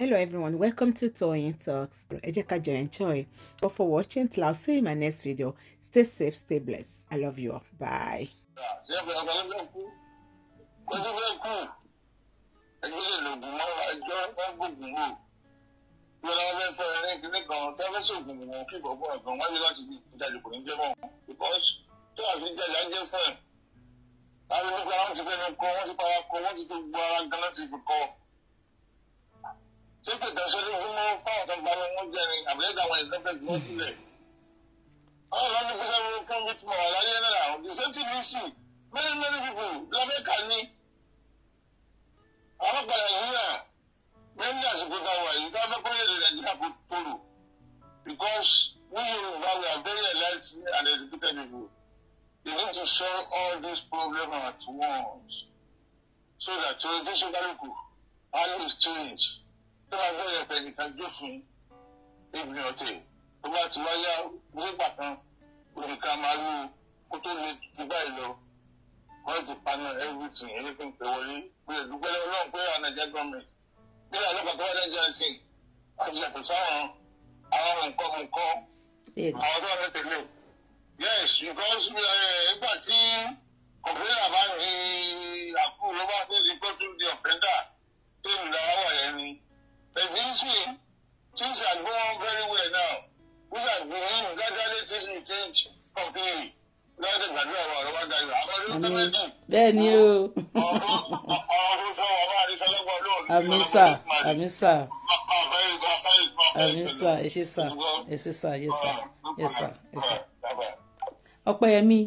Hello everyone, welcome to Toyeen Talks. Ẹ jẹ́ ká enjoy. But for watching till I'll see you in my next video. Stay safe, stay blessed. I love you all. Bye. Yọ̀rọ̀ ọ̀rẹ́ fẹ́ ẹni kìíní kan tẹ́lẹ̀ sọ̀gùn ìwọ̀n kí gbogbo ọ̀gbọ̀n wáyé láti fi ìdájọ́ kò ní jẹ́ mọ́. Because tó àfi jẹ́lẹ̀ á jẹ́ fẹ́. Àwọn ọ̀gbọ̀n wọn ti fẹ́ mi kọ́, wọ́n ti para kọ́, wọ́n ti fi gbogbo ara gan láti fi kọ́ tí kò tẹ̀sí lójúmọ́ fáwọn tó gba lọ́wọ́ jẹ ni àbúlẹ́dà àwọn ìdọ́gbẹ́ tó wọ́n sílẹ̀. wọ́n lọ ní kúṣẹ́ wọn fún bí mo wà láyé náà the safety issue many many people lọ́mẹ́ka ní. àwọn padà yìí náà mẹ́rin àsìkò tá a wà yìí tá a fẹ́ kó lè nàìjíríà kó tóró because we Yorùbá we are very alert and educated people we need to solve all these problems at once so that orientation kálukú and it change tó bá fẹ́ yẹ pẹ̀lú kan jó ọ̀tẹ̀ tó bá ti wáyá nígbà kan òǹkà màálù kó tó lè ti báyìí lọ wọ́n ti paná everything anything pé wọlé pé ìdúpẹ́ ọlọ́run pé ànàjẹ́ gọ́ọ̀mẹ̀ntì bí àlọ́kọ̀ tó wá dé jẹ́ǹsì àti yàtọ̀ sáwọn àwọn nǹkan àwọn tó wà ní tẹ̀lé yes because eh, nígbà tí kọ̀mpútà bá ní àkú ló bá dé di gbọ́dọ̀ di ọ̀fẹ́ndà tó ń la wà yẹn But this year, things are going very well now. We are believing that that things will change completely. lọ́dẹ̀ gbàdúrà wa ọ̀rọ̀ wa dayọ̀ àmọ́ ló tẹ́ bẹ́ẹ̀ dùn. bẹ́ẹ̀ ni o. ọ̀rọ̀ sọ wà máa rí sọlọ́gbọ̀n lóòrùn. àmísà àmísà. àmísà èsìsà èsìsà yẹsà yẹsà yẹsà. ọ̀pẹ̀yẹmí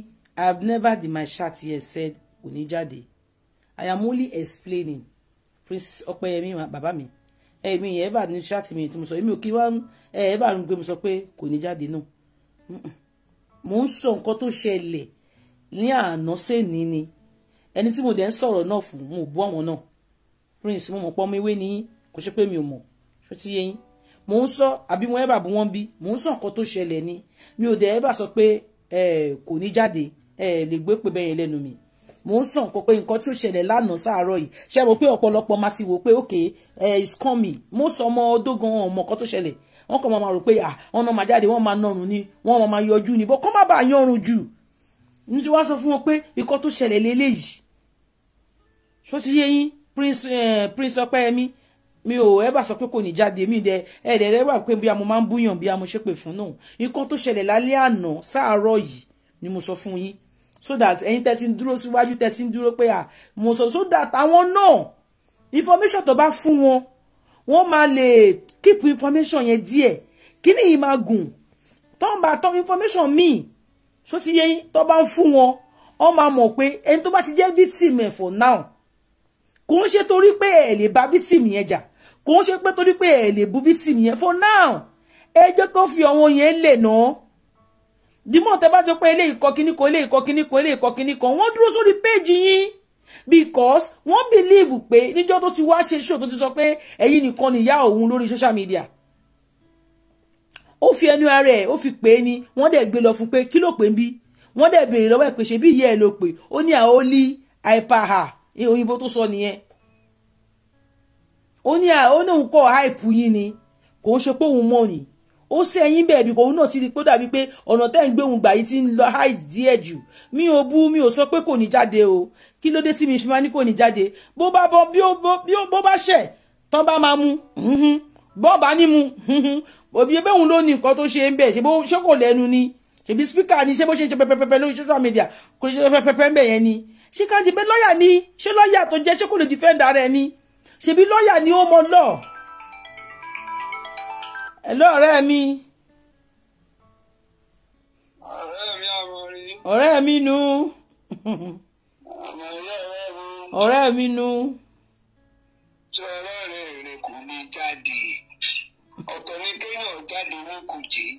i've never did my shirt here said kò ní jáde i am only explaining prince ọ̀pẹ̀yẹmí bàbá mi èmi yẹn ẹ̀bà ní ṣáàtì mi tí mo sọ èmi ò kí wá ẹ̀bà ń gbé mo sọ pé kò ní jáde náà mo ń sọ nǹkan tó ṣẹlẹ̀ ní àná sẹ́ni ni ẹni tí mo dẹ̀ ń sọ̀rọ̀ náà fún mo bú àwọn náà prince mo mọ̀ pọ́n mi wé ní kò ṣe pé mi ò mọ̀ ṣó ti yé mo ń sọ àbí mo ẹ̀bà bú wọ́n bí mo ń sọ nǹkan tó ṣẹlẹ̀ ni mi ò dẹ̀ ẹ̀bà sọ pé kò ní jáde ẹ lè gbé pé bẹ́yẹn lẹ́nu mi mò ń sàn kó pé nǹkan tí ó ṣẹlẹ̀ lánàá sáàárọ̀ yìí ṣe mo pé ọ̀pọ̀lọpọ̀ máa ti wò pé ok it's coming mo sọ ọmọ ọdógan ọmọ kan tó ṣẹlẹ̀ wọ́n kàn máa rò pé ah wọ́n náà máa jáde wọ́n máa nọrùn ni wọ́n máa yọjú ni bọ́ kọ́ má bàa yọrùn jù ní tí wàá sọ fún wọn pé nǹkan tó ṣẹlẹ̀ lélẹ́yìí ṣó ti yé yín prince prince ọpẹ́yẹmí mi ò ẹ bá sọ pé kò ní jáde mi dẹ ẹ dẹ rẹ wà pé bí a mo máa ń búyàn bí a mo ṣépè fún náà nǹkan tó ṣẹlẹ̀ lálẹ́ àná sáàárọ̀ yìí ni mo sọ fún yín so that ẹ̀yin tẹ́ ti ń dúró síwájú tẹ́ dúró pé à mo sọ so that àwọn náà information tó bá fún wọn wọ́n máa lè keep information yẹn díẹ̀ kíní yìí máa gùn tó bá tọ́ information míì so ti yẹ yín tó bá ń fún wọn wọ́n máa mọ̀ pé ẹni tó bá ti jẹ́ victim ẹ̀ for now kò ń ṣe torí pé ẹ̀ lè bá victim yẹn jà kò ń ṣe pé torí pé ẹ̀ lè bu victim yẹn for now ẹ jẹ́ kó fi ọ̀wọ́n yẹn lè náà dìmọ̀ tẹ bá jọ pé eléyìí kọ kíní kan eléyìí kọ kíní kan eléyìí kọ kíní kan wọ́n dúró sórí péjì yín because wọ́n believe pé níjọ́ tó ti wá ṣe show tó ti sọ pé ẹ̀yin nìkan nìyá òun lórí social media ó fi ẹnu ara ẹ̀ ó fi pè é ni wọ́n dẹ̀ gbé lọ fún pé kí ló pè ń bí wọ́n dẹ̀ béèrè lọ́wọ́ ẹ̀ pé ṣe bí ìyá ẹ̀ ló pè ó ní àólí àìpáhà òyìnbó tó sọ nìyẹn ó ní àwọn òun kọ́ hype yín ni kò ń ṣe pé òun mọ̀ nìyí ó ṣe ẹyin bẹ́ẹ̀ bí òun náà ti rí pé ó dàbí pé ọ̀nà tẹ́ ń gbé òun gbà yìí ti ń lọ hide díẹ̀ jù mi ò bú mi ò sọ pé kò ní jáde o kí ló dé tí mi fi máa ní kò ní jáde bó bá bọ bí ó bá ṣẹ̀ tán bá máa mú bọ́ọ̀bá ní mu òbí ẹgbẹ́ òun ló ní nǹkan tó ṣe ń bẹ̀ ṣé kò lẹ́nu ni ṣèbí spíkà ni ṣé bó ṣe ń ṣe pẹpẹpẹpẹ lórí social media kò ṣe pẹpẹpẹ ń bẹ̀ yẹn ni ṣé káàdì pé lọ́ọ̀yà ni ṣé lọ́ọ̀yà tó jẹ́ ṣé kò lè dìfẹ́ǹdà rẹ̀ ni ṣèbí lọ́ọ̀yà ni ó mọ lọ́ọ̀ Hello ọ̀rẹ́ mi. ọ̀rẹ́ mi àmọ̀rí. ọ̀rẹ́ mi nu. ọ̀rẹ́ mi. nu. ṣé ọ̀rẹ́ rẹ̀ kò ní jáde ọ̀tọ̀ ni kéèyàn jáde wọn kò jẹ́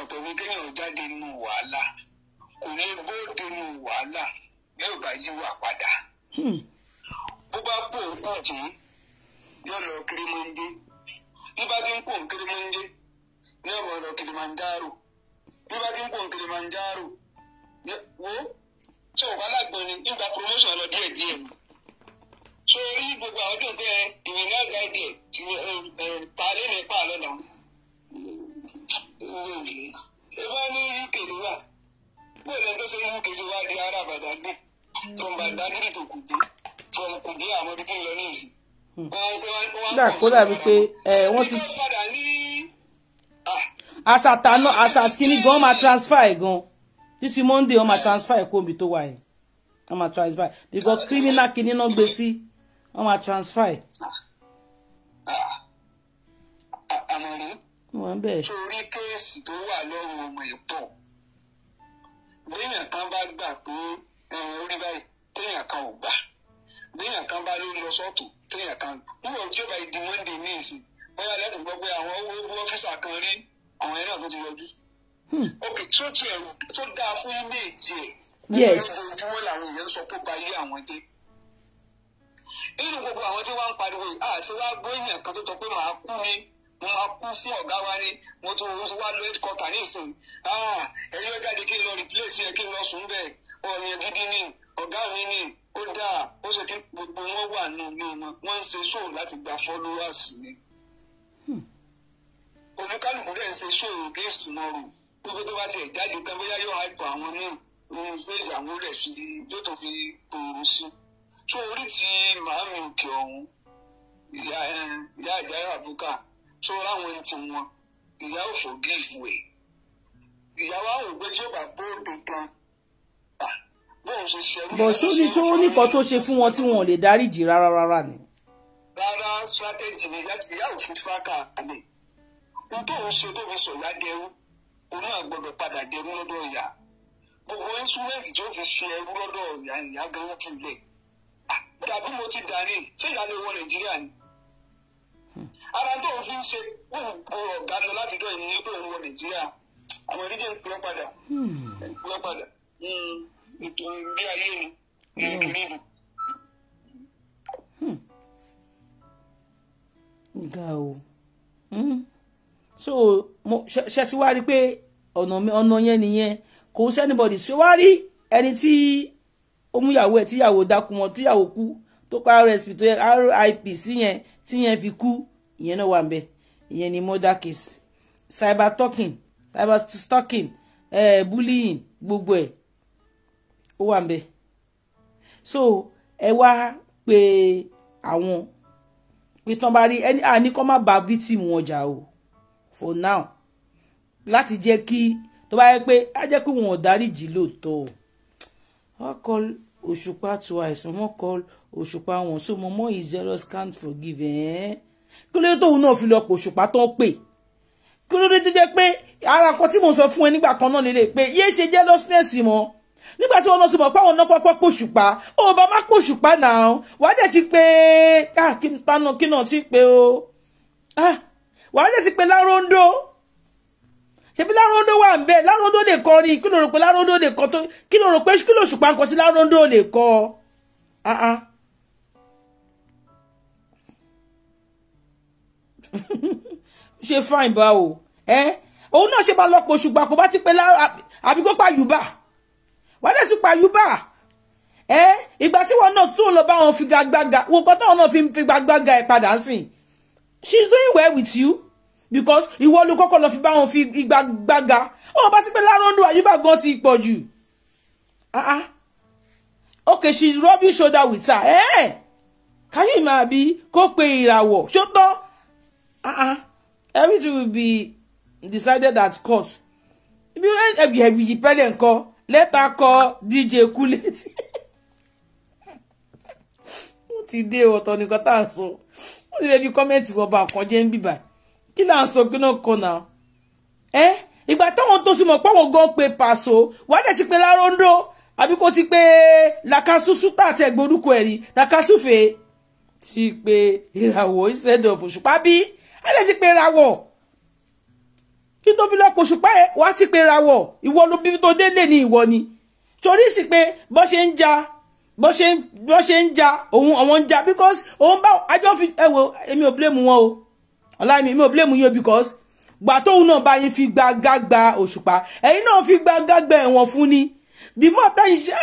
ọ̀tọ̀ ni kéèyàn jáde nù wàhálà kò ní bóde nù wàhálà yóò bá yí wà padà. Hmm. bó bá bò ó kò jẹ́ yóò lọ kiri mọ́ ń dé bí bá ti ń pò nkirimunde ní Kilimanjaro bí bá ti ń wo tí o bá lágbọn ni nígbà promotion lọ díẹ̀ díẹ̀ so orí gbogbo àwọn tí o bẹ ìwé náà ga díẹ̀ ti ta lé mi pa lọ náà ẹ bá ní UK ló wà bóyá ẹni tó ṣe UK ṣe wá di ara Badagry from Badagry to Kuje from Kuje àwọn ibi tí ń lọ ní Hmm. dà kó dàbí pé eh, wọ́n ti asàtànà ah. asàkíní gan máa transfer ẹ̀ gan títí monday wọ́n máa transfer ẹ̀ kóbi tó wà yìí wọ́n máa transfer ẹ̀ because criminal kíní náà gbé sí wọ́n máa transfer ẹ̀. wọ́n bẹ̀. torí kéèsì tó wà lọ́rùn ọmọ ìpọ̀ léèyàn kan bá gbà pé eh, orí báyìí téèyàn kan ò gbà léèyàn kan bá lórí lọ sọ́tún téèyàn kan wúwo tí ó bá di monday ní bóyá lẹ́dùn gbọ́ pé àwọn owó ọ́fíìsà kan rí àwọn ẹ̀rọ tó ti yọjú. Hmm. ok tó tiẹ̀ tó dáa fún ilé ìjẹ́ yes ojoojúmọ́ làwọn èèyàn sọ pé ó àwọn dé. nínú gbogbo àwọn tí wọ́n ń pariwo àti ah, wá gbóyìn kan tó tọ́ pé màá kú ni mo máa kú fún ọ̀gá wa ni mo tó wá lọ headquarter ní ìsìn ah, ẹ̀yọ́ jáde kí n lọ replace yẹ kí n lọ sùn bẹ́ẹ̀ ọ̀rìn gidi ni ọ̀gá mi ni kódà ó ṣe kí gbogbo wọn wà ní ilé wọn wọ́n ń ṣe ṣòwò láti gba followers ni hmm. oníkálùkù dẹ̀ ń ṣe ṣòwò against tomorrow gbogbo tó bá tiẹ̀ jáde kan bóyá yóò hype àwọn náà ohun méjì àwọn rẹ̀ fi yóò tó fi gbòòrò sí so orí ti màámi òkè ọ̀hún ìyá ìyá ìjáyà àbúkà tó ráwọn ti wọn ìyá òfò gé ìfù ẹ̀ ìyá wa ò gbé tí ó bá bó dandan bọ̀ sórí ṣó ó nìkan tó ṣe fún wọn tí wọn ò lè dáríjì rárá rárá ni. rárá strategy ni láti ìyá òfin fáka àlè ohun tó ń ṣe tó fi sọ̀yà gẹrú òun náà gbọ́dọ̀ padà gẹrú lọ́dọ̀ ìyá gbogbo instrument tí ó fi ṣe ẹrú lọ́dọ̀ ìyá ìyá gẹrú jù lẹ̀ bọ́dà bí mo ti dàrí ṣé ìyá lè wọ nàìjíríà ni. ara tó ń fi ń ṣe gbogbo ọ̀gá lọ láti dọ̀ ìní pé òun wọ nàìjíríà àwọn ìdíje ń pè é padà hmm. ń pè é padà. Hmm ètò ìgbé ayé mi ga o hmm. so mo ṣe ti wá rí i pé ọ̀nà yẹn nìyẹn kò sí anybody ṣe wá rí ẹni tí ó mú ìyàwó ẹ̀ tíyàwó dákú wọn tíyàwó kú tó pa rsp tó yẹ rip sí yẹn tí yẹn fi kú ìyẹn náà wà ń bẹ ìyẹn ni murder case cyber talking cyber stalking eh, bullying gbogbo ẹ̀ ó wà ńbẹ̀ so ẹ wá pé àwọn pé tán bá rí ẹni àní kọ́ má ba victim wọn jà o for now láti jẹ́ kí tó bá yẹ pé á jẹ́ pé wọn ò dáríjì lóòótọ́ o wọ́n kọ́ òṣùpá tu àìsàn wọ́n kọ́ òṣùpá wọn so mọ́mọ́ is jealous can't forgive ẹ̀ẹ́n eh? kí ló dé tóun náà fi lọ pò òṣùpá tán pè kí ló dé tó jẹ́ pé ara kan tí mo sọ fún ẹ nígbà kan náà lélẹ̀ pé yéé ṣe jealousness mọ́ nígbà tí wọ́n lọ sọmọ pàwọn náà pàpà pòṣùpá ó bá má pòṣùpá náà wàá dẹ̀ ti pé káàkiri tánà kí náà ti pé o ah, wàá dẹ̀ ti pé láròndó ṣebí láròndó wà ń bẹ láròndó lè kọ ni kí ló rò pé láròndó lè kọ tó kí ló rò pé kí ló ṣùpá kọ sí láròndó lè kọ ah, ah. ṣe fine báwo ẹ òun náà ṣe bá lọ pòṣùpá kò bá ti pé àbí kó pa wọ́n dẹ̀ ti pa yúbà ẹ ìgbà tí wọn náà tún lọ bá wọn fi gbàgbàgà wọn kọ́ táwọn náà fi fi gbàgbàgà ẹ̀ padà sí she is doing well with you because ìwọ ló kọ́kọ́ lọ fi bá wọn fi gbàgbàgà ó bá ti pé lárọ́ndù àyùbá gan ti pọ̀ jù ah, ah. okay she is rubbing shoulder with her eh? káyọ̀ máa bí kó pe ìràwọ̀ ah, ah. everything will be decided at court ibi ẹbí eh, ẹbí yìí pẹ́lẹ̀ nǹkan later call DJ Kulet. Wọ́n ti dé ọ̀tọ̀ nìkan tá à ń sọ. Wọ́n ti lè fi kọ́mẹ́ǹtì wọ́n bá kan jẹ́ ń bìbà. Kí là ń sọ pé náà kọ náà? Ẹ ìgbà táwọn tó súnmọ́ pọ́wọ́n gan pé pàṣọ, wàá dẹ̀ ti pe láróńdó àbí kó ti pé làkàṣùṣù tàtẹ̀ gbórúkọ ẹ̀ rí làkàṣùfẹ̀ ti pé ìràwọ̀ instead of bí ẹ̀ lè ti pe ìràwọ̀ kí tó fi lọ pòṣù páyẹ wá ti pé ra wọ ìwọ ló bí tó délé ni ìwọ ni torí sì pé bó ṣe ń ja bó ṣe ń bó ṣe ń ja because òun bá ajọ́ fi ẹ wo èmi ò blame wọn o ọ̀la mi èmi ò blame yín o because gbà tóun náà bá yín fi gbàgàgbà òṣùpá ẹ̀yin náà fi gbàgàgbà ẹ̀wọ̀n fún ni dìmọ̀ tẹ̀yìn ṣe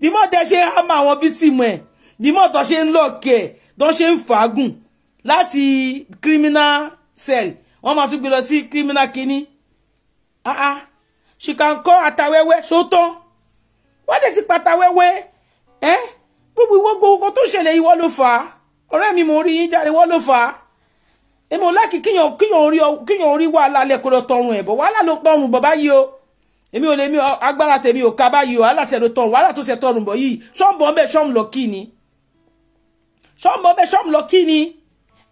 dìmọ̀ ah, ah, tẹ̀ ṣe hámà àwọn bítìmù ẹ̀ dìmọ̀ tó ṣe ń lọ́ọ̀kì ẹ̀ tó ṣe ń fàágùn láti criminal cell wọ́n máa tún gbé lọ sí criminal kínní ah ah she can call àtàwẹ́wẹ́ ṣótán wọ́n dẹ̀ ti pàtàwẹ́wẹ́ ẹ́ gbogbo ìwọ gbogbo tó ṣẹlẹ̀ ìwọ ló fà á ọ̀rẹ́ mi mo rí yín jáde ìwọ ló fà á èmi ò láàkì kíyàn kíyàn orí kíyàn orí wàhálà lẹ́kọ̀ọ́ lọ tọrùn ẹ̀ bọ̀ wàhálà ló tọrùn bọ̀ báyìí o èmi ò lè mi agbára tèmi ò ká báyìí o wàhálà tẹ̀ ló tọrùn wàhálà tó ṣe tọrùn bọ̀ yìí ṣọ́ọ̀bù ọbẹ̀ ṣọ́ọ̀mù lọ kí ni ṣọ́ọ̀bù ọbẹ̀ ṣọ́ọ̀mù lọ kí ni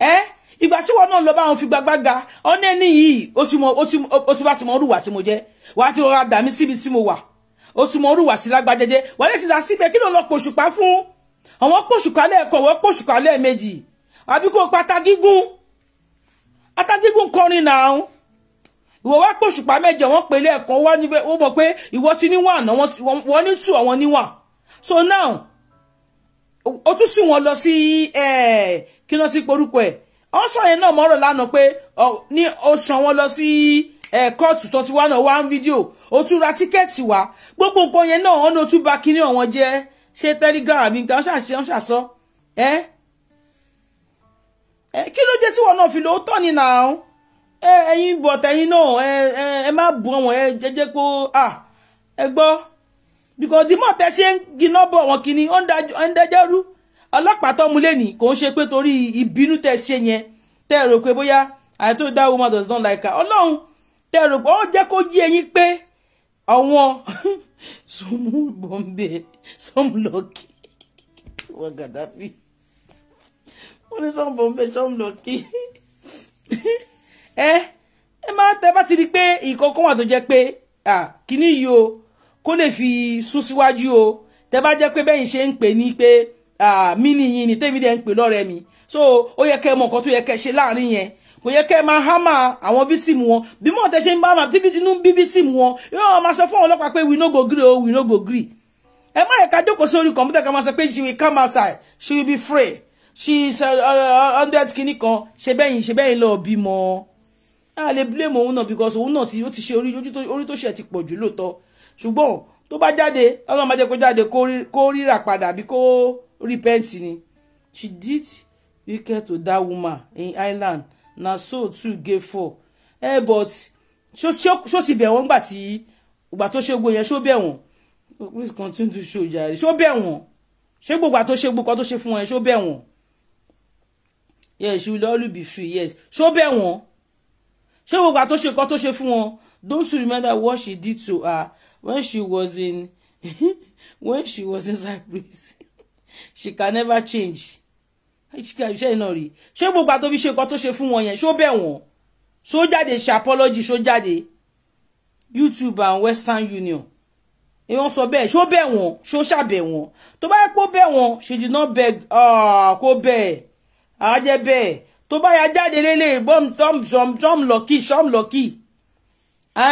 ẹ́ eh? ìgbà si wọn náà lọ bá wọn fi gbagbága ọ̀nà ẹni yìí ó ti bá ti mọ orúwà tí mo jẹ́ wàá ti rọra gbà mí síbi tí mo wà ó ti mọ orúwà tí lágbájẹjẹ wọ́n lè ti dà síbẹ̀ kí ló lọ pòṣùpá fún àwọn pòṣùpá lẹ́ẹ̀kan wọ́n pòṣùpá lẹ́ẹ̀mejì àbí kó pata gígùn ata gígùn kọrin náà ìwọ wá pòṣùpá mẹ́jọ wọ́n pè lẹ́ẹ̀kan wọ́n mọ̀ pé ìwọ ti níwọ̀n àná ni ní tù àwọn níwọ̀n so now ó tún sùn wọn lọ sí eh, kí ló ti porúkọ ẹ̀ ó sọ yẹn náà mọ́rọ̀ lánàá pé ní ó san wọn lọ sí kóòtù tó ti wá náà wá ń fídíò ó tún ra tíkẹ́ẹ̀tì wá gbogbo nǹkan yẹn náà wọn ló tún ba kinní ọ̀wọ́n jẹ́ ṣé telegram àbí nǹkan ó ṣàṣe ó ṣàṣọ ẹ́ kí ló jẹ́ tí wọn náà fi lóòótọ́ ni nà án ẹ̀yin bọ̀tẹ̀yin náà ẹ má bu ọ̀wọ́n ẹ jẹ́jẹ́ kó ẹ gbọ́ because the more tẹ ṣe ń giná bọ̀ wọn kìíní ó ń dájọ́ ọlọ́pàá tó mú lẹ́nì kò ń ṣe pé torí ìbínú tẹ́ ṣe yẹn tẹ́ rò pé bóyá àìtó dá woman does not like her ọlọ́run tẹ́ rò pé ó jẹ́ kó yé ẹ̀yin pé àwọn some Bombay some lucky wọn Gaddafi wọn ní some Bombay some lucky ẹ ẹ máa tẹ bá ti rí pé ìkọ̀ọ̀kan wà tó jẹ́ pé kíní yìí o kó lè fi sún síwájú o tẹ bá jẹ́ pé bẹ́yìn ṣe ń pè ní pé mí nìyí ni tèmi dẹ̀ ń pè lọ́rẹ́ mi so ó yẹ kẹ́ mọ nǹkan tó yẹ kẹ́ ṣe láàrin yẹn kò yẹ kẹ́ máa hámà àwọn bítìmù wọn bí mọ̀ tẹ́ ṣe ń bá máa inú bí bítìmù wọn yóò máa sọ fún àwọn ọlọ́pàá pé we no go gree o we no go gree ẹ má yẹ ká jókòó sórí kọ̀m̀pútà ká máa sọ pé she will come outside she will be free she is uh, uh, hundred kìíní kan ṣe bẹ́yìn ṣe bẹ́yìn lọ́ọ́ bímọ a lè blame òun náà because òun náà ti ó ti ṣe orí tó ṣe ti pọ̀ jù lóòótọ́ ṣùgbọ́n tó bá jáde ọlọ́run má jẹ́ kó jáde kó rírà padà bí kó repent ni she did wicked to that woman in Ireland na so too gave for eh but ṣó ti bẹ̀ wọ́n gbà tí ìgbà tó ṣe gbogbo yẹn ṣó bẹ̀ wọ́n please continue to show jàre ṣó bẹ̀ wọ́n ṣé gbogbo àtó ṣe gbogbo tó ṣe fún wọn ṣó bẹ̀ wọ́n yes she will always be free yes ṣó bẹ̀ wọ́n ṣé gbogbo àtó ṣe kọ́ tó ṣe fún wọn don't you remember what she did to her when she was in when she was inside prison she can never change She can iṣẹ́ iná rí ṣé gbogbo àtòbí ṣe nǹkan tó ṣe fún wọn yẹn ṣó bẹ̀ wọ́n ṣó jáde ṣe apology ṣó jáde YouTube and Western Union ẹ wọ́n sọ bẹ́ẹ̀ ṣó bẹ̀ wọ́n ṣó ṣàbẹ̀ wọ́n tó bá yẹ kó bẹ̀ wọ́n she did not beg ah, kó bẹ́ẹ̀ àájẹ́ bẹ́ẹ̀ tó bá yà jáde lélẹ̀ bọ́m tọ́m jọm jọm lọ́kì Lucky, lọ́kì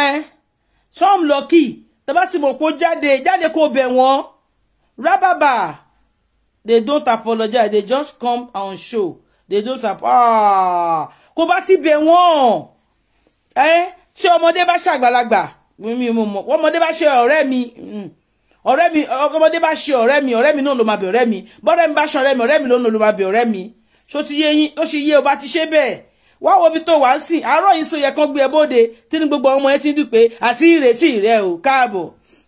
ẹ́n ṣọ́m lọ́kì tàbá ti mọ̀ pé ó jáde jáde kó bẹ̀ wọ́n they don't apologize they just come on show they don't ah kò bá ti bẹ̀ wọ́n ẹ eh? tí ọmọdé bá ṣàgbàlagbà mi mo mọ̀ ọmọdé bá ṣe ọ̀rẹ́ mi mm. ọ̀rẹ́ mi ọmọdé bá ṣe ọ̀rẹ́ mi ọ̀rẹ́ mi náà ló máa bẹ̀ ọ̀rẹ́ mi bọ́dẹ̀ mi ba ṣe ọ̀rẹ́ mi ọ̀rẹ́ mi ló ló máa bẹ̀ ọ̀rẹ́ mi ṣó ti yé yín ó ṣe yé o bá ti ṣe bẹ́ẹ̀ wá wo ibi tó wà ń sìn àárọ̀ so yẹ kán gbé ẹ bóde gbogbo ọmọ ẹ ti ń dùn pé àti ìrètí rẹ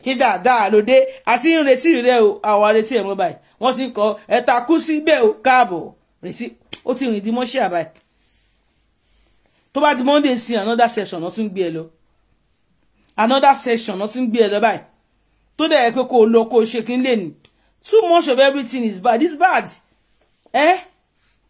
kí dáadáa ló dé àti ń retí rẹ o àwọn aretí ẹ̀ mọ́ báyìí wọ́n ti ń kọ ẹ̀ta kú sí bẹ́ẹ̀ o káàbọ̀ rìsí ó ti rìn di mọ́ṣẹ́ àbáyìí tó bá di monday sí another session náà tún gbé ẹ lọ another session náà tún gbé ẹ lọ báyìí tó dẹ̀ pé kó lọ kó ṣe kí n lè ní too much of everything is bad is bad. Eh?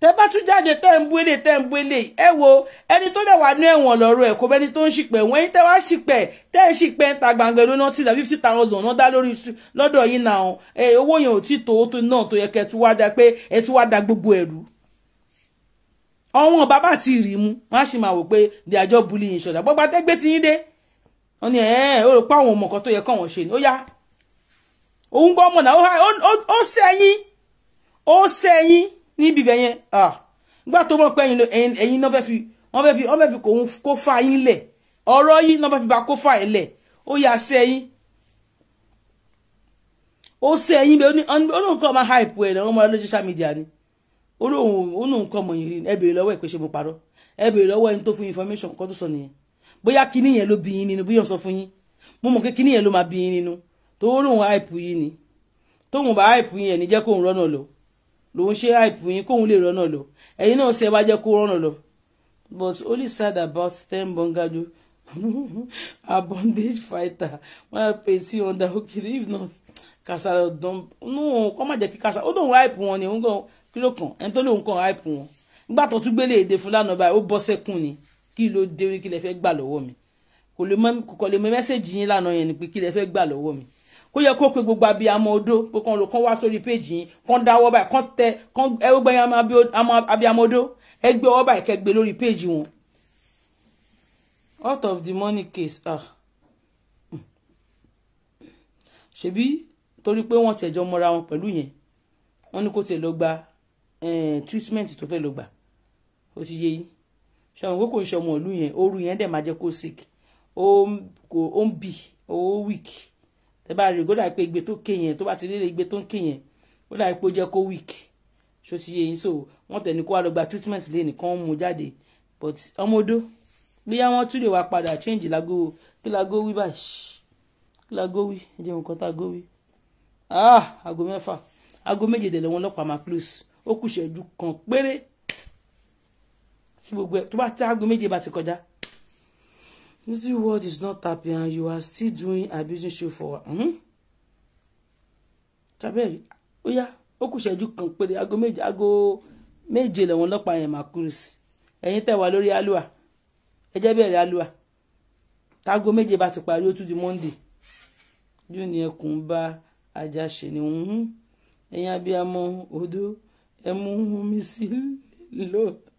tẹ bá tún jáde tẹ ń bú èlé tẹ ń bú èlé ẹ wo ẹni tó lè wà ní ẹ̀wọ̀n lọ́rọ̀ ẹ kò bẹni tó ń ṣìpẹ̀ wọn ẹni tẹ wá ṣìpẹ̀ tẹ ẹ ṣìpẹ̀ ń ta gbàngbẹ lónà tí ìdá fifty thousand náà dá lórí lọ́dọ̀ yìí náà ẹ owó yẹn ò tí tó tó náà tó yẹ kẹ tí wá da pé ẹ tí wá da gbogbo ẹrú. ọ̀wọ́n bàbá ti rí mu má ṣe máa wò pé di àjọ bulí yìí ṣọ̀dà gbọ́gbà tẹ́gbẹ́ ti yín dé wọ́n ní níbi ibẹ̀ yẹn ah, gbà tó mọ̀ pé ẹ̀yin náà fẹ́ fi wọ́n fẹ́ fi wọ́n fẹ́ fi kòun kó fà yín lẹ̀ ọ̀rọ̀ yìí náà fẹ́ fi ba kó fà ẹ̀ lẹ̀ ó yà sẹ́yìn ó sẹ́yìn bẹ́ẹ̀ olóhùn kan máa hype ẹ̀ náà wọ́n máa lọ social media ni olóhùn olóhùn kan mọ̀ yìí ẹ bèrè lọ́wọ́ ẹ̀ pé ṣe mo parọ́ ẹ bèrè lọ́wọ́ ẹni tó fún information kan tó sọ nìyẹn bóyá kinní yẹn ló bí yín nínú bí yàn sọ fún yín mo mọ̀ pé kinní yẹn ló máa bí yín nínú tó olóhùn hype yín ni tóhùn bá hype yín ẹ̀ ní jẹ́ kóhùn rọ́nà lọ lòun ṣe hype yín kóun lè rọ́nà lọ ẹ̀yin náà ṣe wá jẹ́ kó rọ́nà lọ but only sad about ten bungalow a bondage fighter wọn á pè sí under okiri if not kasara dán nù kọ́ má jẹ́ kí kasara ó lóun hype wọn ni òun gan kí ló kàn ẹni tó lóun kàn hype wọn nígbà tó tún gbélé èdè fúlànà báyìí ó bọ́ sẹ́kùn ni kí ló dé orí kí lè fẹ́ gbà lọ́wọ́ mi kò lè mọ mẹ́sẹ̀gì yín lánàá yẹn ni pé kí lè fẹ́ gbà lọ́wọ́ mi kó yẹ kó pe gbogbo abiyamọ odó pé kàn lò kàn wá sórí péjì yín kàn dáwọ́ báyìí kàn tẹ kàn ẹgbẹ yẹn abiyamọ odó ẹgbẹ ọwọ́ báyìí kẹgbẹ lórí péjì wọn. out of the money case ah ṣebí torí pé wọ́n tẹjọ mọ́ra wọn pẹ̀lú yẹn wọ́n ní kó tẹ lọ gba eh, treatment tó fẹ́ lọ gbà ó ti yé yín ṣọmọ pé kò ń ṣọmọ ìlú yẹn ooru yẹn dẹ̀ máa jẹ́ kó sick ó ń bì ó weak tẹ bá rí i kó dà pé igbe tó ké yẹn tó bá ti rí igbe tó ń ké yẹn ó dà pé ó jẹ́ kó weak ṣó ti yẹ yín so wọ́n tẹ̀ kó wá lọ gba treatment lé nìkan mú jáde but ọmọdó bóyá wọ́n tún lè wá padà change lago kí lago wí báyìí kí lago wí ẹ jẹ́ nǹkan tá go wí ah aago mẹ́fà aago méje dẹ̀ lọ́wọ́ ọlọ́pàá máa close ó kù ṣẹ́jú kan péré tí gbogbo ẹ̀ tó bá tí aago méje bá ti kọjá Lizzie world is not happy and you are still doing a business show for her. Hmm? Tàbẹ́rì, ó yá, ó kù ṣẹ́jú kan ago meje ago aago méje lẹ̀wọ̀n ọlọ́pàá yẹn máa kúrò sí. Ẹ̀yin tẹ̀ wá lórí Alua, ẹ jẹ́ bẹ̀rẹ̀ Alua. Táago meje bá ti parí, ó tún di Monday. Júù ni ẹkùn bá ajá ṣe ni hùn. Hmm? Ẹ̀yin abiyamọ odó, ẹ mú mi sí lóòótọ́.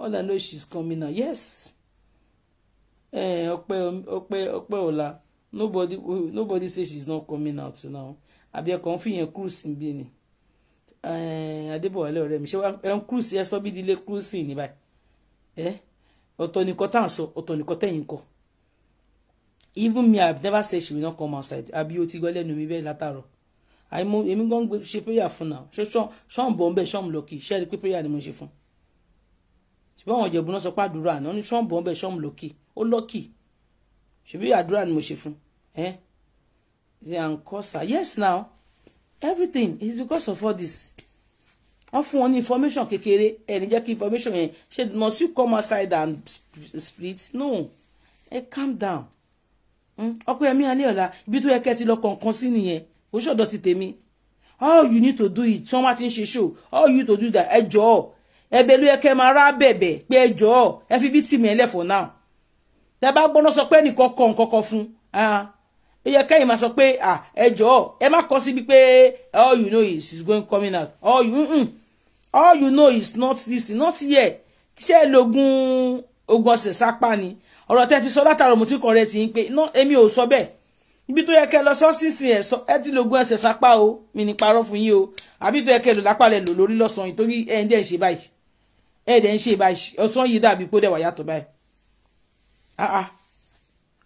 All I know she's coming now. Yes ọpẹ eh, ọpẹ ọpẹ ọlá nobody nobody say she's not coming out now àbí ẹ kàn ń fìyẹn cruise ń bí ni eh, adébọ̀wálé ọ̀rẹ́ mi ṣé ẹ ń cruise ẹ sọ bí dílé cruise ní báyìí ẹ eh, ọ̀tọ̀ nìkan tá à ń sọ ọ̀tọ̀ nìkan tẹ̀yìn kọ even me i never say she will not come outside àbí o ti gbọ́ lẹ́nu mi bẹ́ẹ̀ látàrọ̀ àìmọ èmi gan gbé ṣe prayer fún náà ṣé ṣọ́ọ̀n bọ̀ ń bẹ̀ ṣọ́ọ̀n lọ́kì ṣé ẹ rí pé prayer ni mo ṣe fún ṣùgbọ́n àwọn ìjẹ̀bù náà sọ pé àdúrà náà ní ṣọ́ọ̀n bọ̀ ń bẹ̀ ṣọ́ọ̀n lọ́kì ó lọ́kì ṣebí àdúrà ni mo ṣe fún ẹ ṣe à ń kọ́ sà yes now everything is because of all this wọ́n fún wọn ní information kékeré ẹni jẹ́ kí information yẹn ṣe must you come outside and split no ẹ calm down hmm? ọkọ yẹmi aléọlá ibi tó yẹ kẹ́ ti lọ kọ̀ọ̀kan sí nìyẹn kò ṣọ̀dọ̀ ti tèmi all you need to do it tí wọ́n bá ti ń ṣe show all you need to do that ẹ jọ̀ọ́ ẹ̀bẹ̀ ló yẹ kẹ́ máa rá bẹ̀bẹ̀ pé ẹ jọ̀ọ́ ẹ fi bí tìmí ẹlẹ́fọ̀ọ́ náà tẹ́ bá gbọ́n sọ pé ẹnìkan kọ nǹkan kan fún ó yẹ kẹ́yìn máa sọ pé ẹ jọ̀ọ́ ẹ má kọ síbi pé all you know is is going coming out all you mm, all you know is not this not here ṣé ẹ lògùn ogun ọ̀sẹ̀ sápá ni ọ̀rọ̀ tẹ́ ti sọ látàrọ̀ mo ti kọ̀ rẹ̀ ti ń pé èmi ò sọ bẹ́ẹ̀ ibi tó yẹ kẹ́ lọ sọ sísìn ẹ̀ sọ ẹ ti lògùn ẹsẹ̀ sápá o mi ní parọ́ fún yín o àbí tó yẹ kẹ́ lò lápá lẹ̀ lò lórí lọ́sàn-án ìtorí ẹ̀ ń dẹ̀ ń ṣe báyìí ẹ̀ dẹ̀ ń ṣe báyìí ọ̀sán yìí dàbí pé ó dẹ̀ Ah, ah.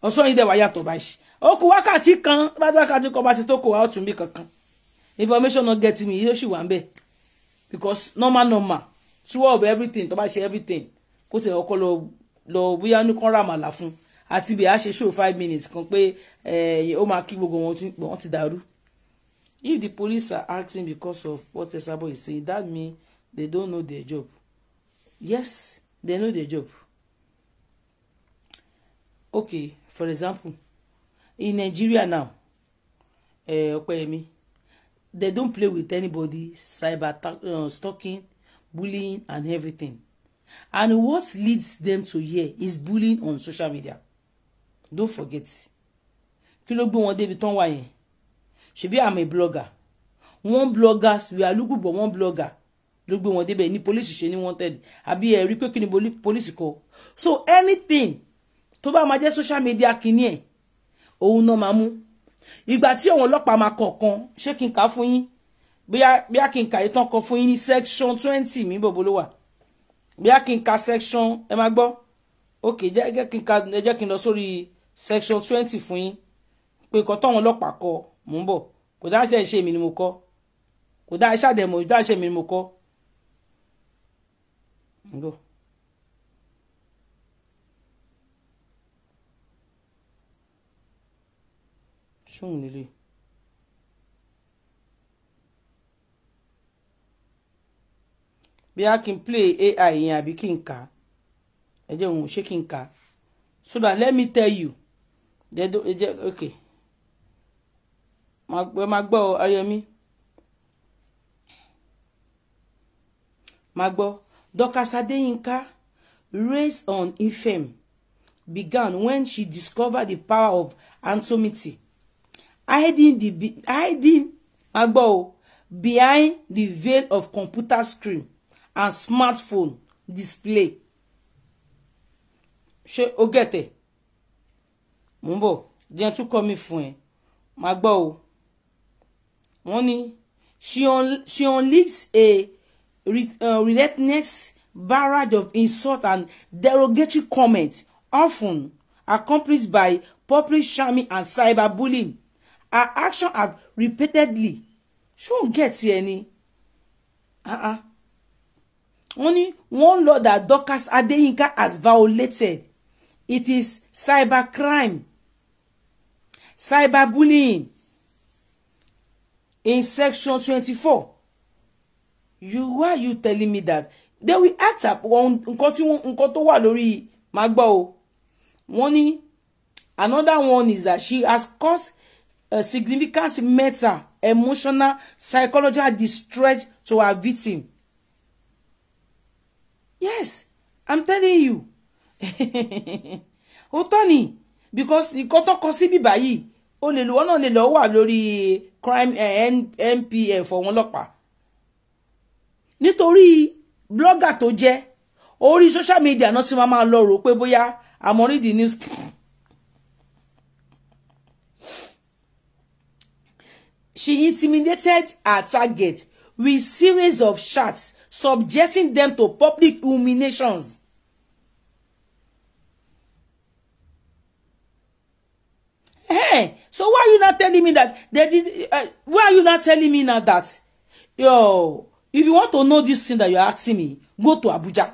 ọ̀sán yìí dẹ̀ wá yàtọ̀ báyìí ó kù wákàtí kan bá ti wákàtí kan bá ti tó kò wá ọ̀tún bí kankan information no get me yóò sì wà ń because normal normal twelve everything tó bá ṣe everything kó tẹ̀ ọkọ lọ lọ bóyá ní kan ràmàlà fún àti bí a ṣe show five minutes kan pé eh, ó máa kí gbogbo wọn ti dàrú if the police are acting because of what Esabo is saying that mean they don't know their job yes they know their job okay for example in Nigeria now Ọpẹ́yẹmí uh, eh, they don't play with anybody cyber uh, stalking bullying and everything and what leads them to here is bullying on social media don't forget kí ló gbé wọn débi tán wà yẹn ṣebí i'm a blogger one bloggers we are looking for one blogger ló gbé wọn débẹ̀ ní police ṣe ní wanted àbí ẹ rí pé kí ni police kọ so anything tó bá máa jẹ́ social media kìíní ẹ̀ òun náà máa mú ìgbà tí àwọn ọlọ́pàá máa kọ̀ọ̀kan ṣé kí n kà á fún yín bóyá kí n kà yìí tán kan section twenty mi bòbó ló wà bóyá kí ka section ẹ máa gbọ́ ok jẹ́ kí n ka ẹ jẹ́ kí n section twenty fún yín pé nǹkan táwọn ọlọ́pàá kọ mò ń bọ̀ kò dá iṣẹ́ ìṣe mi ni mo kọ́ kò dá iṣẹ́ àdẹ̀mọ̀ dá iṣẹ́ mi ni mo kọ́. ṣóhun nílé. bí a play ai yẹn àbí kí n kà á ẹ jẹ́ òun ṣé so that let me tell you jẹ́ jẹ́ okay máa gbọ́ Ariemi máa gbọ́ Dorcas Adeyinka race on infamy began when she discovered the power of anonymity hiding the hiding agbo o behind the veil of computer screen and smartphone display ṣé o gẹ̀tẹ̀ mò ń bọ̀ jẹ́ tún kọ́ mi fún ẹ màá gbọ́ o wọ́n ní she un she unleashes a uh, relentless barrage of insult and derogatory comments often accompanied by public shaming and cyberbullying her action have repeatedly ṣó get tiẹ̀ ni uh. Only one law that Dorcas Adeyinka has violated it is cyber crime. Cyber bullying. in section 24 you why you telling me that they will act up. nǹkan tí nǹkan tó wà lórí o wọ́n another one is that she has caused a significant mental, emotional, psychological distress to our victim. Yes, I'm telling you. Òótọ́ ni because nǹkan tó kọ síbí báyìí o lè lọ́wọ́ náà lè lọ́ọ́ wà lórí crime eh, for ọ̀wọ́n ọlọ́pàá. Nítorí blogger tó jẹ́ orí social media náà ti máa máa lọ rò pé bóyá I'm already news She intimidated her target with series of shots, subjecting them to public humiliations. Hey, so why are you not telling me that they did? Uh, why are you not telling me now that, yo, if you want to know this thing that you're asking me, go to Abuja.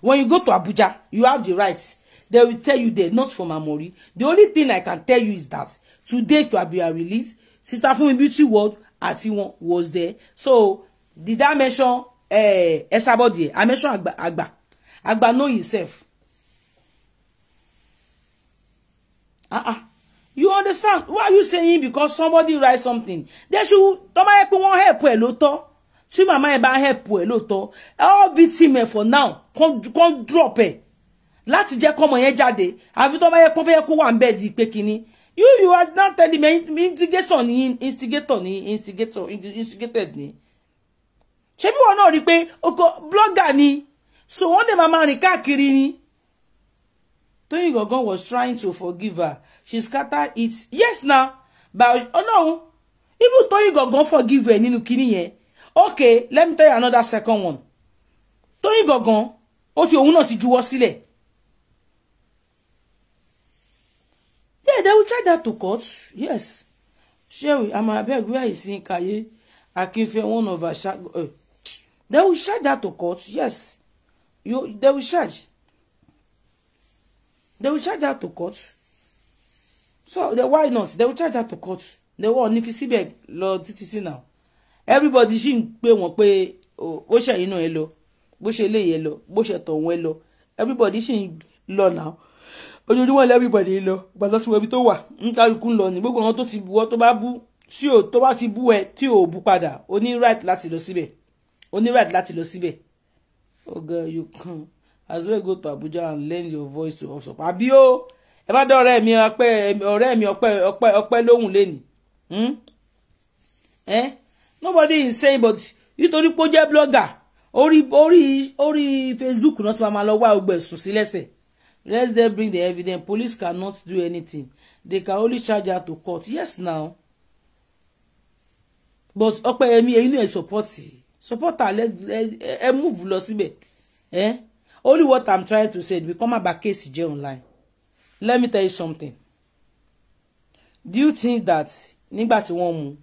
When you go to Abuja, you have the rights. They will tell you they're not from Amori. The only thing I can tell you is that today you will be released sister Funmi Beauty World àti wọn was there so did I mention eh, Esabodi uh, I mention Agba Agba Agba know himself ah ah you understand why are you saying because somebody write something they should tọ́mọ yẹ pé wọ́n help ẹ̀ lóòótọ́ tí màmá ẹ̀ bá help ẹ̀ lóòótọ́ all be team for now kàn drop ẹ̀ láti jẹ́ kọ́mọ yẹn jáde àfi tọ́mọ yẹ pé wọ́n fẹ́ kó wà ń di pé kínní you you are not telling me instigation ni instigator ni instigator instigated ni ṣebí wọn náà rí pé oko blogger ni so wọn dẹ̀ mama máa rìn káàkiri ni Toyin Gangan was trying to forgive her she scatter it yes now, but oh no, even Tony Gogon forgive her nínú kinní okay let me tell you another second one Tony Gogon, ó ti òun náà ti juwọ́ Yeah, they will charge that to court. Yes. Shehu, I'm abeg, where is I can feel one of our shag. Uh, eh. they will charge that to court. Yes. You, they will charge. They will charge that to court. So, they, why not? They will charge that to court. They were on Nifisibe, Lord TTC now. Everybody, ṣì ń pè wọ́n pé, ó ṣe inú ẹ lọ, bó ṣe léyìí ẹ lọ, bó ṣe tọ̀hún ẹ lọ. Everybody, ṣì ń lọ now ojoojúmọ́ ilẹ̀ everybody lọ gbàdọ́ sí ibi tó wà ń kálukú ń lọ ní gbogbo àwọn tó ti buwọ́ tó bá bú tí ò tó bá ti bú ẹ tí ò bú padà o ní right láti lọ síbẹ̀ o ní right láti lọ síbẹ̀ oh girl you can as well go to Abuja and lend your voice to us up àbí o ẹ bá dá ọ̀rẹ́ mi ọpẹ́ ọ̀rẹ́ mi ọpẹ́ ọpẹ́ ọpẹ́ lóhùn lẹ́nìí hmm? ẹ nobody is saying but nítorí pé ó jẹ́ blogger orí orí orí Facebook náà tí wọ́n máa lọ wá ọgbẹ́ ẹ̀sùn sí lẹ́sẹ̀ let them bring the evidence police cannot do anything they can only charge her to court yes now but ọpẹyẹmí ẹyin náà support e. support her let let, let move lọ síbẹ̀ eh? only what i'm trying to say become back case J online let me tell you something do you think that nobody tí wọ́n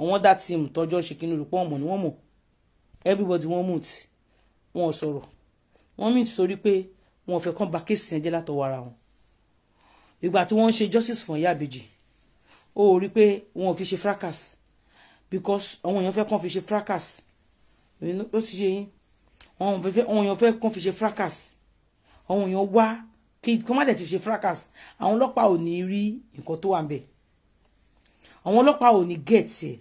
Want that team tọ́jọ́ ṣe kínní olùpọ̀ ọmọ ni more? everybody wọ́n mú tí sorrow. sọ̀rọ̀ wọ́n to nítorí pé wọn fẹ́ kàn bà kéèsì yẹn jẹ́ látọwọ́ ara wọn ìgbà tí wọ́n ń ṣe justice fún ìyá àbèjì ó rí pé wọn ò fi ṣe fracas because àwọn èèyàn fẹ́ kàn fi ṣe fracas ó sì ṣe àwọn èèyàn fẹ́ kàn fi ṣe fracas àwọn èèyàn wá kí kí wọ́n má dẹ̀ ti ṣe fracas àwọn ọlọ́pàá ò ní rí nǹkan tó wà ń bẹ̀ àwọn ọlọ́pàá ò ní gẹ̀ẹ́tì ẹ̀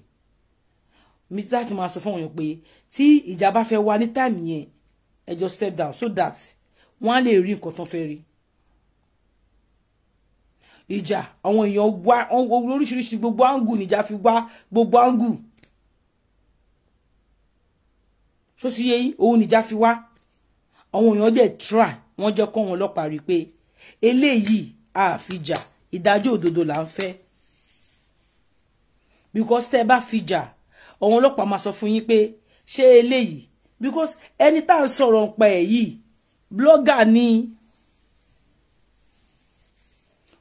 mi láti máa sọ fún àwọn èèyàn pé tí ìjà bá fẹ́ wá ní táìmì yẹn ẹ jọ step down so that wọ́n á lè rí nǹkan tán fẹ́ rí ìjà àwọn èèyàn wá oríṣiríṣi gbogbo áńgù níjà fi wá gbogbo áńgù sósìyẹ òun níjà fi wá àwọn èèyàn dẹ̀ try wọ́n jẹ́ kọ́ wọn ọlọ́pàá rí i pé eléyìí a fi jà ìdájọ́ òdodo là ń fẹ́ because tẹ́ bá fi jà àwọn ọlọ́pàá máa sọ fún yín pé ṣé eléyìí because ẹni tá à ń sọ̀rọ̀ ń pa ẹ̀ yìí blogger ni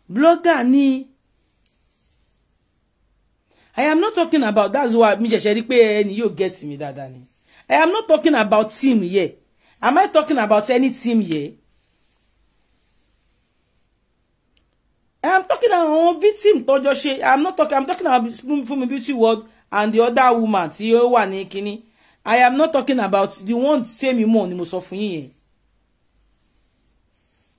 blogger ni i am not talking about that's why mi ṣẹ̀ṣẹ̀ rí pé ẹni yóò get mi dáadáa ni i am not talking about team here am i talking about any team here i am talking about victim tọjọ she. i am not talking i am talking about Funmi Beauty World and the other woman tí ó wà ní kínní i am not talking about the one tèmi mọ̀ ni mo sọ fún yín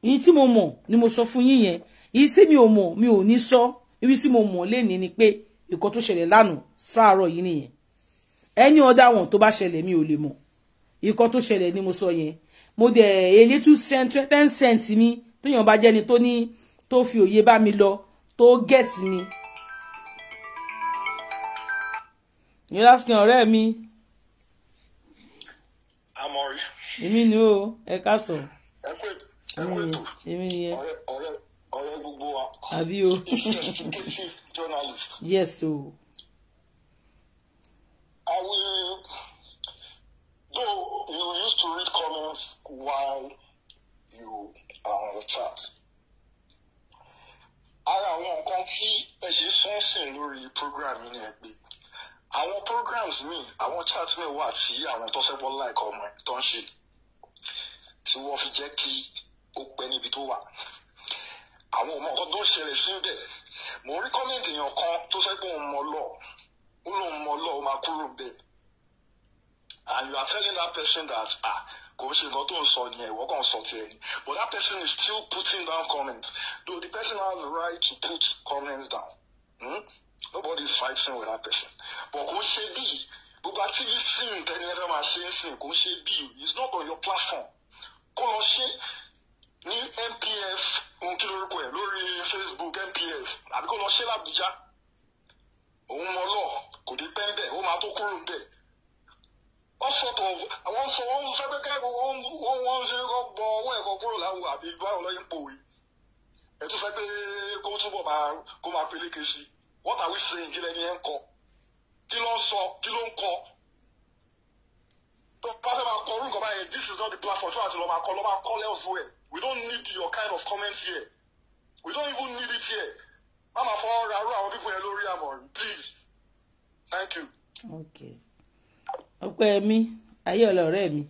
èyí tí mo mọ̀ ni mo sọ fún yín yẹn èyí tí mi ò mọ̀ mi ò ní sọ ibi tí mo mọ̀ lénìí ni pé ìkọ́ tó ṣẹlẹ̀ lánàá sáàárọ̀ yìí nìyẹn ẹni ọ̀dà wọn tó bá ṣẹlẹ̀ mi ò lè mọ̀ ìkọ́ tó ṣẹlẹ̀ ni mo sọ yẹn mo dẹ̀ èlé two cent ten cent mi tóyàn bá jẹ́ni tó ní tó fi òye bá mi lọ tó get mi. yín lásìkò ọ̀rẹ́ mi. Amori. èmi ni o ẹ ká sọ. ẹ kú èmi nìyẹn o yes o. I will, though you used to read comments while you are on the chat. Ara àwọn nǹkan tí ẹ ṣe sọ́nsìn lórí program yìí ni ẹ pé àwọn programs mi àwọn chat mi wà tí àwọn tó ṣẹ́gbọ́n láìka ọmọ ẹ̀ tó ń ṣe tí wọ́n fi jẹ́ kí kó pẹ́ níbi tó wà àwọn ọmọ kan tó ń ṣẹlẹ̀ síbẹ̀ mo rí kọ́mẹ̀ntì èèyàn kan tó sọ pé òun mọ lọ ó lóun mọ lọ ó máa kúrò níbẹ̀ and you are telling that person that ah kò ń ṣe nǹkan tó ń sọ ni ẹ̀wọ́ kan sọ tiẹ̀ ni but that person is still putting down comments though the person has the right to put comments down hmm? nobody is fighting with that person but kò ń ṣe bíi gbogbo activity tẹni ẹ fẹ́ máa ṣe é sìn kò ń ṣe bíi it's not on your platform kó lọ ṣe é ní MPF ohun kí lórúkọ ẹ̀ lórí Facebook MPF àbí lọ ṣe làbújá òun mọ lọ kò ní pẹ́ ńbẹ̀ ó máa tó kúrò ńbẹ̀ wọ́n fọ̀tọ̀ àwọn sọ wọ́n fẹ́ pé kẹ́kọ̀ọ́ wọ́n wọ́n ṣe kọ́ bọ owó ẹ̀kọ́ kúrò láwùjọ àbí báwo lọ́yìn pòwe ẹ̀ tún fẹ́ pé kó túbọ̀ máa kó máa peléke sí what are we saying kí lẹ́ni ẹ̀ ń kọ kí ló ń sọ kí ló ń kọ tó bá fẹ́ máa kọ orúkọ báyẹn this is not the platform tí wọ́n ti lọ máa kọ lọ́ máa kọ́ lẹ́ọ̀fù ẹ̀ we don't need your kind of comments here we don't even need it here má máa fọ ra rú àwọn pípọ̀ yẹn lórí please thank you. okay ọpẹ́ mi ayé ọlọ́rẹ́ mi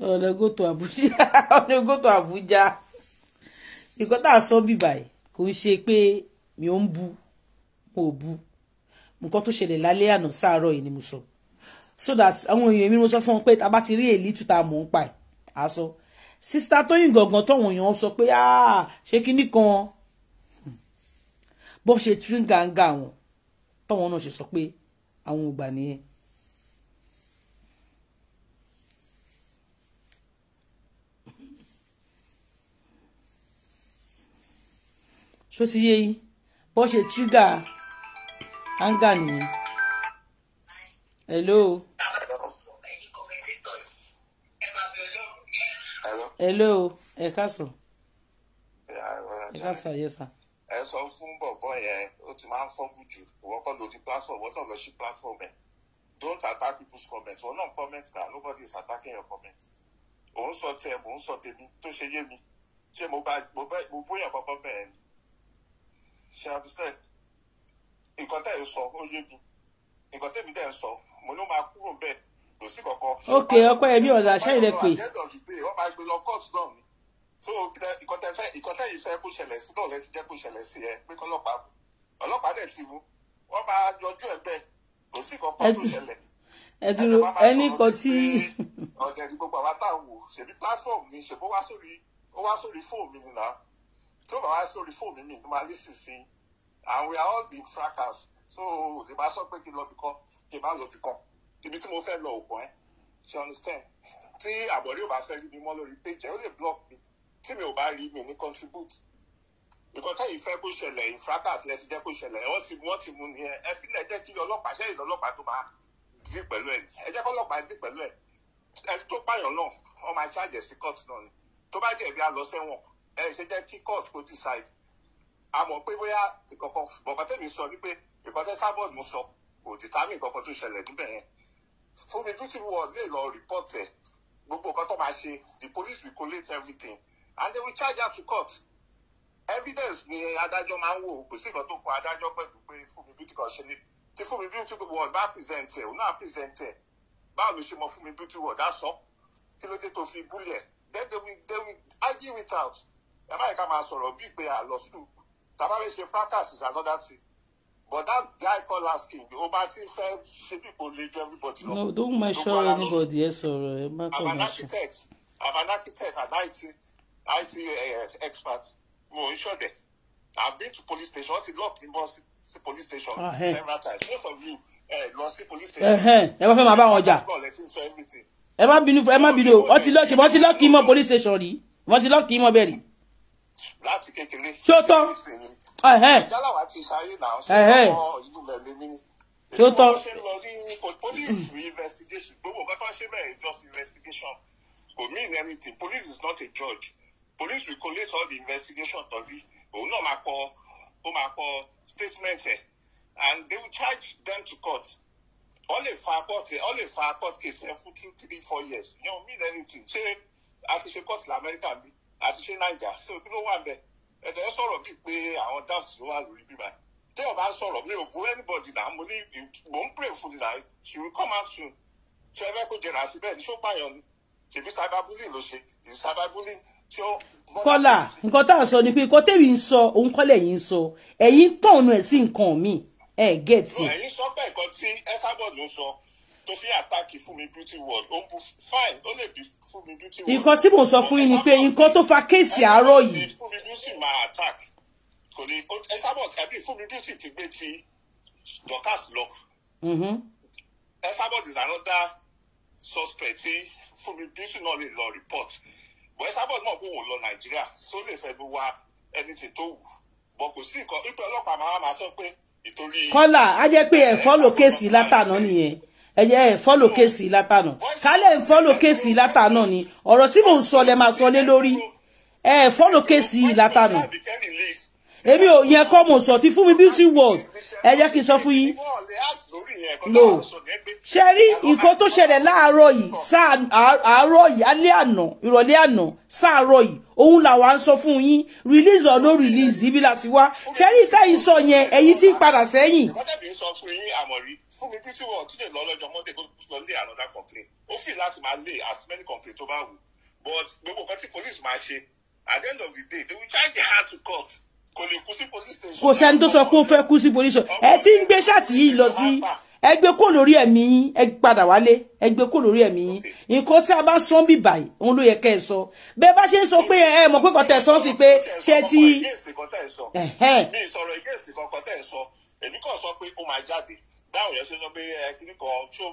ọ̀nà gòtò àbújá ọ̀nà gòtò àbújá nǹkan tá a sọ bíbáyìí kò ń ṣe pé mi ò ń bu mo ò bu nǹkan tó ṣẹlẹ̀ lálẹ́ àná sáàárọ̀ yìí ni mo sọ so that àwọn èèyàn mi mo sọ fún wọn pé tá a bá ti rí èlítù tá a mọ̀ ń pa ẹ̀ á sọ sísá tóyìn gangan tọ̀wọ̀n èèyàn sọ pé ah, ṣé kinní kan bó ṣe tún gàǹgà wọn tọ̀wọ̀n náà ṣe sọ pé àwọn ò gbà nìyẹn. ṣó ti yé yín bó ṣe tírígà áńgà nìyẹn. hello. hello ẹ káàsán. ẹ káàsán yes sir. ẹ sọ fún bọ̀bọ̀ yẹn ó ti máa ń fọ́bù jù ìwọ kọ́ lórí platform wọn náà lọ sí platform don't attack people's comments. wọn náà comment na nobody is attacking your comment òun sọ tiẹ̀ mò ń sọ tèmi tó mobile, mobile, mobile. ṣé mo bá mo bóyá bọ́bọ́ bẹ́ẹ̀ ni ṣe understand nǹkan tẹ̀ ń sọ ó yé mi nǹkan tẹ̀mí tẹ̀ ń sọ mo ló máa kúrò bẹ́ẹ̀ kò sí kankan. ok ọpẹ yẹmi ọ̀la ṣẹ́yìn lẹ pè. wọ́n máa gbé lọ court náà ni so ìkọ́tẹ́ yìí fẹ́ kó ṣẹlẹ̀ sí náà lẹ́sìn jẹ́ kó ṣẹlẹ̀ sí ẹ pé kọ́lọ́pàá mú ọlọ́pàá dẹ̀ ti mú wọ́n máa yọjú ẹ̀ bẹ́ẹ̀ kò sí kankan tó ṣẹlẹ̀. ẹ dúró ẹnì kan tí. ọ̀sẹ̀ tí gbogbo àwa táwọn wò ṣèbí platform ni ṣèbó wá sórí ó wá sórí fóònù mi nìyà tó bá wá sórí fóònù mi ni máa lè sìn sí and we are all the frackers so kì bá sọ pé kí n lọ bìkan kì bá lọ bìkan ibi tí mo fẹ́ lọ òkun ẹ́ ṣe understand tí àbọ̀rí ò bá fẹ́ rí mi mọ́ lórí page ẹ̀ ó lè block mi tí mi ò bá rí mi ní contribute nǹkan tẹ́yìn fẹ́ kó ṣẹlẹ̀ infractors lẹ ti jẹ́ kó ṣẹlẹ̀ wọ́n ti wọ́n ti mú nìyẹn ẹ sílẹ̀ jẹ́ kí ọlọ́pàá ṣẹ́yìn lọ́lọ́pàá tó máa dì pẹ̀lú ẹ̀ ẹ jẹ́ kọ́lọ́pàá dì pẹ̀lú ẹ̀ ẹ tó pààyàn náà wọ́n máa ṣáàjẹ̀ sí court náà ni tó bá jẹ̀bi á lọ sẹ́wọ̀n ẹ ṣe jẹ́ kí court kó decide a mọ̀ pé bóyá ìkọ̀kọ̀ bọ̀kọ̀tẹ́mi sọ wípé ìkọ̀tẹ́ sábọ̀dù sọ kò dìtámì ìkọ̀kọ̀ tó ṣẹlẹ̀ níbẹ̀ yẹn fúnmi dúkìrú ọ̀ lè lọ rìpọ́tì ẹ̀ gbogbo nǹkan tó máa ṣe the police will collate everything and they will charge her to court evidence ni adájọ́ máa ń wò kò sí nǹkan tó kọ adájọ́ pẹ̀lú pé fúnmi dúkìrú ọ̀ ṣe ni tí fúnmi dúkìrú ọ̀ bá present ẹ̀ òun náà present ẹ̀ báwo ló ṣe mọ fúnmi dúkìrú ọ̀ dá sọ kí ló dé tó fi búlẹ̀ then they will they will argue it out ẹ má yẹ ká máa sọ̀rọ̀ bíi pé àlọ́ sùn tàbá fẹ́ ṣe fracas is another thing But that guy called asking, The tí fẹ́ ṣe bí kò lè everybody lọ. No, don't mind anybody Yes sọ̀rọ̀ ẹ má I'm an architect, I'm an architect An IT, IT uh, eh, expert. Mo ń ṣọ̀dẹ̀. I've been to police station, wọ́n ti lock me bọ́ sí police station ah, hey. Eh. several times. Most of you Eh, lọ sí police station. Uh huh. my Ẹ wá fẹ́ máa bá wọn jà. Ẹ má bínú ẹ má bínú o, wọ́n ti lọ́ọ̀kì mọ́ police station rí, wọ́n ti lọ́ọ̀kì mọ́ bẹ́ẹ̀ rí láti kékeré ṣé ó tán ìjálàwá ti ṣayé náà ṣé ìlú rẹ lémi ni ṣé ó tán. ṣé lọ rí police investigation gbogbo nǹkan tó ń ṣe bẹ́ẹ̀ is just investigation kò mean anything police is not a judge police will collate all the investigation tọ́bí òun náà máa kọ ó máa kọ statement ẹ̀ and they will charge them to court wọ́n lè fa court wọ́n lè fa court case ẹ̀ fún two three four years you know mean anything ṣé a ti ṣe court lamẹ́ríkà bíi àti ṣe nàìjà ṣé kí ló wà ń bẹ ẹ̀jẹ̀ ń sọ̀rọ̀ bíi pé àwọn daft ló wà lórí bíbá tẹ́ ọ̀ bá mi ò bú anybody náà mo ní mò ń pray fún nìyà she will come out soon ṣé ẹ fẹ́ kó jẹrà síbẹ̀ ní ṣọ́pàyàn ni ṣèbí cyberbullying ló ṣe ìdí cyberbullying tí ó. kọ́lá nǹkan tá a sọ ni pé nǹkan tẹ́mi ń sọ òun kọ́lẹ̀ yìí ń sọ ẹ̀yin tọ̀nù ẹ̀ sí nǹkan mi ẹ̀ gẹ̀ẹ́tì. ẹ̀yin sọ bẹ́ẹ̀ kan tí ẹ sábọ̀ ló sọ tó fi àtàkì fún mi beauty world ó ń bu fine ó lè bí fún mi beauty world. nǹkan tí mò ń sọ fún yín ni pé nǹkan tó fa kéèsì àárọ̀ yìí. fún mi beauty máa attack kò ní ẹ sábọ̀ tàbí fún mi beauty ti gbé ti Dorcas lọ. ẹ sábọ̀ is another suspect tí fún mi beauty náà lè lọ report bọ̀ ẹ sábọ̀ náà kò wò lọ Nàìjíríà só lè fẹ́ ló wá ẹni tí tó wù bọ̀ kò sí nǹkan ìpè ọlọ́pàá máa máa sọ pé ìtorí. kọ́là á jẹ́ pé ẹ̀fọ́ lòkèsì látàná nìyẹn ẹyẹ ẹ fọlọ kéèsì látà náà kálẹ̀ ń fọlọ kéèsì látà ni ọ̀rọ̀ tí mò ń sọ lẹ máa sọ lé lórí ẹ fọlọ kéèsì látà èmi ò yẹ kọ́ mo sọ ti fún mi beauty world ẹ jẹ́ kí n sọ fún yín no ṣe rí nǹkan tó ṣẹlẹ̀ láàárọ̀ yìí sáà àárọ̀ yìí alẹ́ àná ìrọ̀lẹ́ àná sáàárọ̀ yìí òun làwa ń sọ fún yín release or no release ibi láti wá ṣe rí ìta yìí sọ yẹn ẹ̀yin tí ń padà sẹ́yìn. fún mi beauty world tí lè lọ lọ́jọ́ monday tó lọ lé another complaint ó fi láti máa lé as many complaint tó bá wù but gbogbo nǹkan tí police máa ṣe at the end of the day they will charge her to court kò lè kú sí police station. kò tó sọ pé ó fẹ́ kú sí police ẹ ti ń gbé ṣáàtì yìí lọ sí ẹ gbé kó lórí ẹ̀mí yín ẹ padà wálé ẹ gbé kó lórí ẹ̀mí yín nǹkan tí a bá sọ bí báyìí òun ló yẹ kẹ́ ẹ sọ bẹ́ẹ̀ bá ṣe ń sọ pé ẹ mọ̀ pé kọ́tà ẹ̀ sọ sí pé ṣe ti. mi ìsọ̀rọ̀ ìgbésì kan kọ́tà ẹ̀ sọ èmi kàn sọ pé ó máa jáde dáhùn yẹn ṣe sọ pé ẹ kíní kan